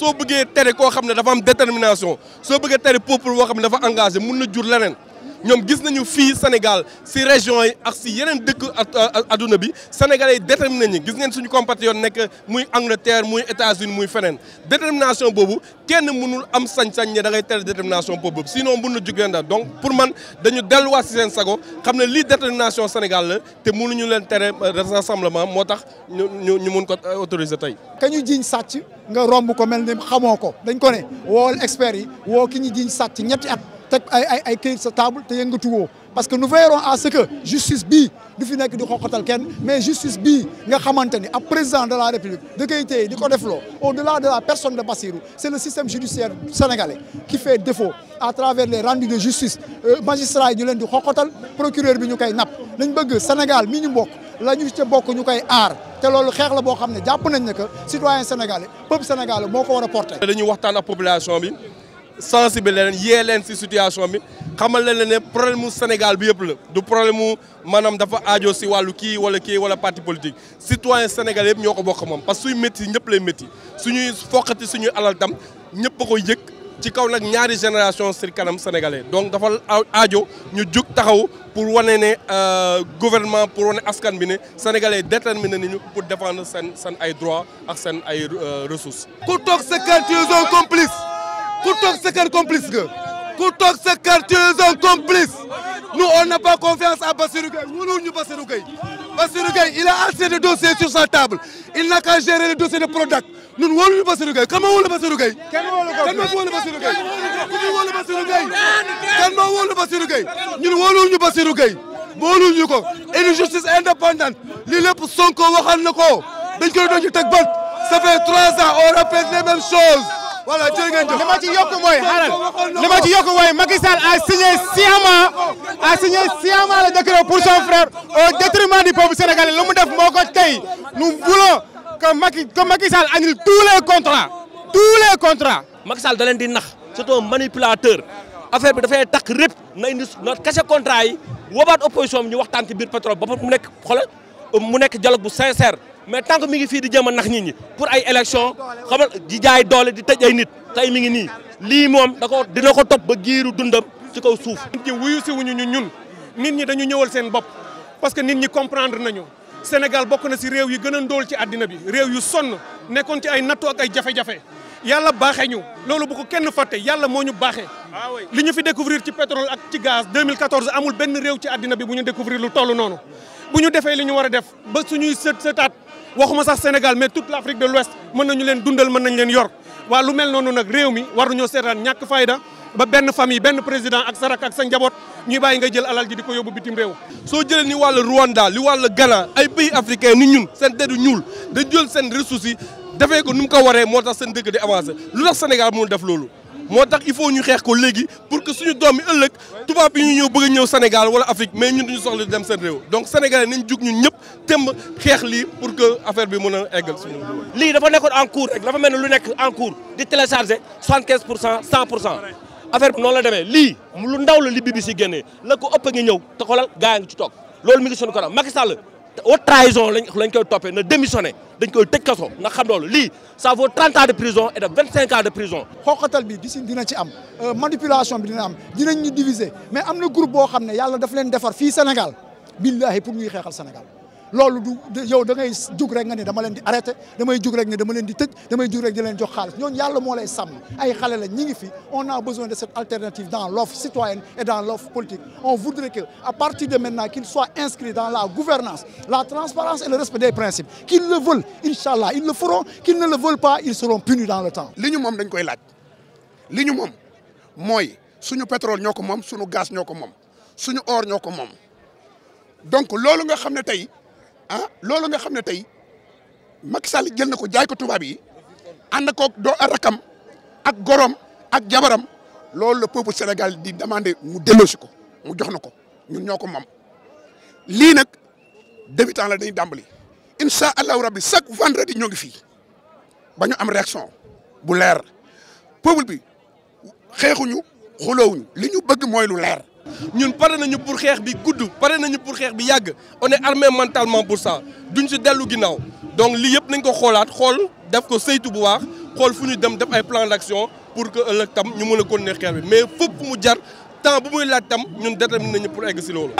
soo bëggee tere koo xam ne dafa am détermination soo bëggee tere peuple boo xam ne dafa engagé mun na jur leneen ñoom gis nañu fii Sénégal si région yi ak si yeneen dëkk adduna bi sénégalais yi déterminé ñi gis ngeen suñu compatriote nekk muy Angleterre muy États-Unis muy feneen détermination boobu kenn mënul am sañ-sañ ne da ngay tere détermination boobu sinon mën na jugee donc pour man dañu delluwaat si seen sago xam ne lii détermination Sénégal la te ñu leen tere rassemblement moo tax ñu ñu ñu mun ko autorisé tey. ka ñu jiñ sàcc nga romb ko mel ni xamoo ko dañ ko ne woo expert yi woo ki ñu jiñ sàcc ñetti at. tek ay ay ay këyit sa table te yëngatu woo parce que nous veillerons à ce que justice bii du fi nekk di xoqatal kenn mais justice bi nga xamante ni ab président de la république da koy téye di ko defloo au de la personne de Bassirou c' est le système judiciaire sénégalais qui fait défaut à travers les rendus de justice euh, magistrats ñu leen di xoqatal procureur bi ñu koy napp nañ bëgg Sénégal mi ñu mbokk la ñu bokk ñu koy aar te loolu xeex la boo xam ne jàpp nañ ne que citoyen sénégalais peuple sénégalais moo ko war a porté dañuy waxtaan ak population bi sensibiliser leen yee leen si situation bi xamal leen ne problème mu Sénégal bi yëpp la du problème mu maanaam dafa aajo si wàllu kii wala kii wala parti politique citoyen Sénégal yëpp ñoo ko bokk moom parce que suy métti ñëpp lay métti suñuy foqati suñuy alal tam ñëpp a koy yëg ci kaw nag ñaari génération si kanam sénégalais donc dafa ajo ñu jug taxaw pour wane ne euh, gouvernement pour wane askan bi ne sénégalais déterminé nañu pour défendre seen seen ay droits ak seen ay euh, ressources. ku ku toog sa kër complice nga ku toog sa kër tu es un complice nous on n'a pas confiance à Bassirou Gueye ñu Bassirou Gueye il a assez de dossiers sur sa table il n'a qu'à gérer le dossier de Prodac ñun wóolu ñu Bassirou Gueye kan ma wóolu Bassirou Gueye kenn wóolu ñun wóolu ñu Bassirou Gueye wóolu ñu ko une justice indépendante lii Sonko waxal ko dañ koy doon teg bët ça trois ans on répète les mêmes choses voilà jërë ngeen jëf li ma yokk mooy xaaral li ma yokk mooy Macky a signé sciemment a signé sciemment le décret pour son frère o détriment du peuple sénégalais lu mu def moo ko tey nous voulons que Macky a Macky Sall annule tous les contrats tous les contrats. Macky Sall di nax c'est un manipulateur affaire bi dafay takk rëpp na indi na kese contrat yi wobaat opposition bi ñu waxtaan ci biir pétrole ba mu nekk xoolal mu nekk dialogue bu sincère. mais tant que mi ngi fii di jéem a nax nit ñi pour ay élection xamal di jaay doole di tëj ay nit tey mi ngi nii lii moom da ko dina ko topp ba giiru dundam ci kaw suuf. nit ñi wuyu si wuñu ñu ñun nit ñi dañu ñëwal seen bopp parce que nit ñi comprendre nañu Sénégal bokk na si réew yi gën a ndóol ci àddina bi réew yu sonn nekkoon ci ay nattu ak ay jafe-jafe yàlla baaxee ñu loolu bu ko kenn fàtte yàlla moo ñu baaxee. Ah li ñu fi découvrir ci pétrole ak ci gaz 2014 amul benn réew ci àddina bi bu ñu découvrir lu toll noonu bu ñu li ñu war a def ba suñuy sët sëtaat waxuma sax Sénégal mais toute l' de l'Ouest mën nañu leen dundal mën nañu leen yor waa lu mel noonu nag réew mi war nañoo seetaan ñàkk fayda ba benn fami benn président ak sa rak ak sa njaboot ñuy bàyyi nga jël alal ji di ko yóbbu bitim réew. soo jëlee ni wàllu Rwanda li wàllu Ghana ay pays africain ni ñun seen dédu ñuul da jël seen ressources yi ko nu mu ko waree moo tax seen dëkk di avancé lu tax Sénégal mënul def loolu. moo tax il faut ñu xeex ko léegi pour que su doom yi ëllëg tubaab yi ñu ñëw bëgg a ñëw Sénégal wala Afrique mais ñun duñu soxla dem seen réew donc sénégalais nañ jug ñun ñëpp temb xeex li pour que affaire bi mun a eggal suñu lii dafa nekkoon en cours rek dafa mel ne lu nekk en cours di téléchargé 75 pour cent 100 pour cent affaire bi noonu la demee lii lu ndaw la li bi bi si génnee la ko ëpp a ngi ñëw te xoolal ngi ci toog loolu mu ngi suñu kanam Macky Sall haute trahison lañ lañ koy toppee na démissionné dañ koy tëj kaso nga xam loolu lii ça vaut trente ans de prison et de vingt cinq ans de prison. xooqatal bi disi dina ci am euh, manipulation bi dina am dinañ ñu diviser mais am na groupe boo xam ne yàlla daf leen defar fii Sénégal billahi pour ñuy xeexal Sénégal. loolu du yow da jug rek nga ne dama leen di arrêté damay jug rek ne dama leen di tëj damay jug rek di jox xaalis ñooñu yàlla moo lay sàmm ay xale la ñi ngi fi on a besoin de cette alternative dans l'offre citoyenne et dans l'offre politique on voudrait que à partir de maintenant qu'ils soient inscrits dans la gouvernance la transparence et le respect des principes qu'ils le veulent inchallah ils le feront qu'ils ne le veulent pas ils seront punis dans le temps li ñu moom mooy suñu pétrole ñoo ko moom suñu gaz ñoo ko moom suñu or ñoo ko moom loolu nga xam ne tey ah loolu nga xam ne tey Macky Sall jël na ko jaay ko tubaab yi ànd koog doo rakam ak gorom ak jabaram loolu la peuple Sénégal di demander mu delloosi ko mu jox na ko ñun ñoo ko moom. lii nag débutant la dañuy dàmbali incha allahu rabbi chaque vendredi ñoo ngi fii ba am réaction bu leer peuple bi xeexuñu xuloowuñu li ñu bëgg mooy lu leer. ñun pare nañu pour xeex bi gudd pare nañu pour xeex bi yàgg on est armé mentalement pour ça duñ si dellu ginnaaw donc lii yëpp nañ ko xoolaat xool def ko saytu bu waax xool fu ñu dem def ay plan d'action pour que ëllëg tam ñu mën a ne xeex bi mais fépp fu mu jar temps bu muy laaj ñun déterminé nañu pour egg si loolu.